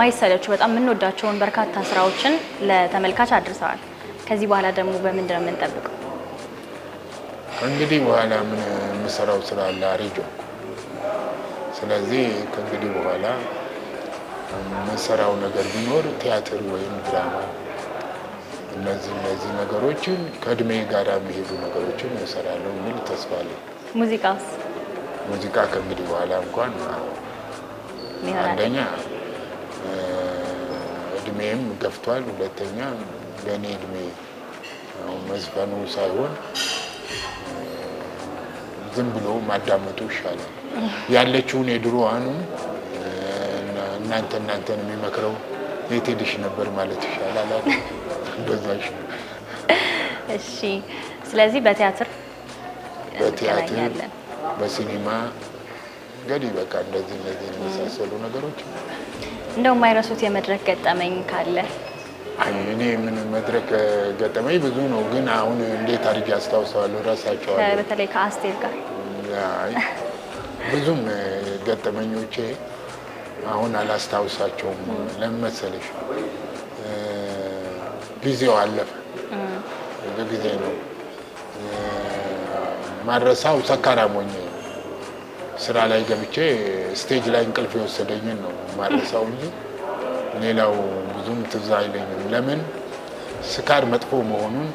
የማይሰለቹ በጣም የምንወዳቸውን በርካታ ስራዎችን ለተመልካች አድርሰዋል። ከዚህ በኋላ ደግሞ በምንድን ነው የምንጠብቀው? ከእንግዲህ በኋላ ምን የምሰራው ስራ አለ አሪጆ። ስለዚህ ከእንግዲህ በኋላ የምሰራው ነገር ቢኖር ቲያትር ወይም ድራማ፣ እነዚህ እነዚህ ነገሮችን ከእድሜ ጋር የሚሄዱ ነገሮችን እሰራለሁ የሚል ተስፋ ሙዚቃስ? ሙዚቃ ከእንግዲህ በኋላ እንኳን አንደኛ እድሜም ገፍቷል። ሁለተኛ በእኔ እድሜ መዝፈኑ ሳይሆን ዝም ብሎ ማዳመጡ ይሻላል። ያለችውን የድሮ እናንተ እናንተን የሚመክረው የት ነበር ማለት ይሻላል። በዛሽ እሺ። ስለዚህ በቲያትር በቲያትር በሲኒማ እንግዲህ በቃ እንደዚህ እንደዚህ የመሳሰሉ ነገሮች እንደው የማይረሱት የመድረክ ገጠመኝ ካለ? እኔ ምን መድረክ ገጠመኝ ብዙ ነው፣ ግን አሁን እንዴት አድርጌ አስታውሰዋለሁ እረሳቸዋለሁ። በተለይ ከአስቴር ጋር ብዙም ገጠመኞቼ አሁን አላስታውሳቸውም። ለምን መሰለሽ ጊዜው አለፈ፣ ብዙ ጊዜ ነው ማረሳው። ሰካራም ሆኜ ስራ ላይ ገብቼ ስቴጅ ላይ እንቅልፍ የወሰደኝን ነው ማለሰው እንጂ ሌላው ብዙም ትዝ አይለኝም። ለምን ስካር መጥፎ መሆኑን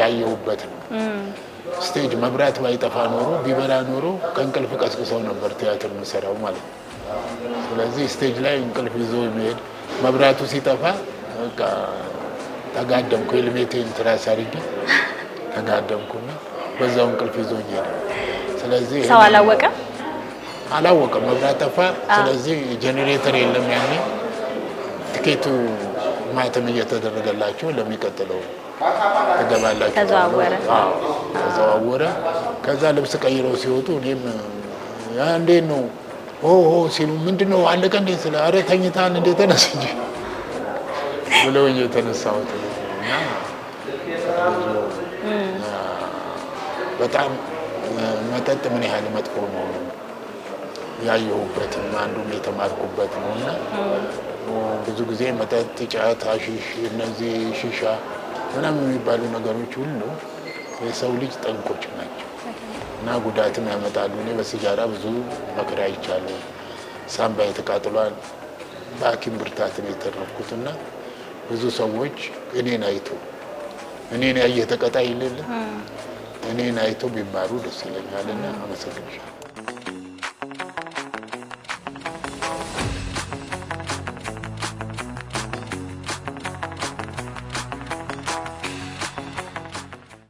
ያየሁበት ነው። ስቴጅ መብራት ባይጠፋ ኖሮ ቢበራ ኖሮ ከእንቅልፍ ቀስቅሰው ነበር ቲያትር የምሰራው ማለት ነው። ስለዚህ ስቴጅ ላይ እንቅልፍ ይዞ መሄድ መብራቱ ሲጠፋ ተጋደምኩ። ሄልሜቴን ትራስ አድርጌ ተጋደምኩና በዛው እንቅልፍ ይዞኝ ሄደ። ስለዚህ ሰው አላወቀም አላወቀም፣ መብራት ጠፋ። ስለዚህ ጄኔሬተር የለም። ያኔ ትኬቱ ማተም እየተደረገላችሁ ለሚቀጥለው ትገባላችሁ ተዘዋወረ ከዛ ልብስ ቀይረው ሲወጡ እኔም እንዴት ነው ሆሆ ሲሉ ምንድን ነው አለቀ እንዴ ስለ አረ ተኝታን እንዴ ተነስ እንጂ ብለው እየተነሳሁት እና በጣም መጠጥ ምን ያህል መጥፎ መሆኑ ያየሁበትም አንዱም የተማርኩበት ነው እና ብዙ ጊዜ መጠጥ፣ ጫት፣ አሽሽ፣ እነዚህ ሽሻ ምናምን የሚባሉ ነገሮች ሁሉ የሰው ልጅ ጠንቆች ናቸው እና ጉዳትም ያመጣሉ። እኔ በሲጋራ ብዙ መከራ ይቻሉ። ሳምባ ተቃጥሏል። በሐኪም ብርታትን የተረኩት እና ብዙ ሰዎች እኔን አይቶ እኔን ያየ ተቀጣይ ይልልን እኔን አይተው ቢማሩ ደስ ይለኛልና አመሰግናለሁ።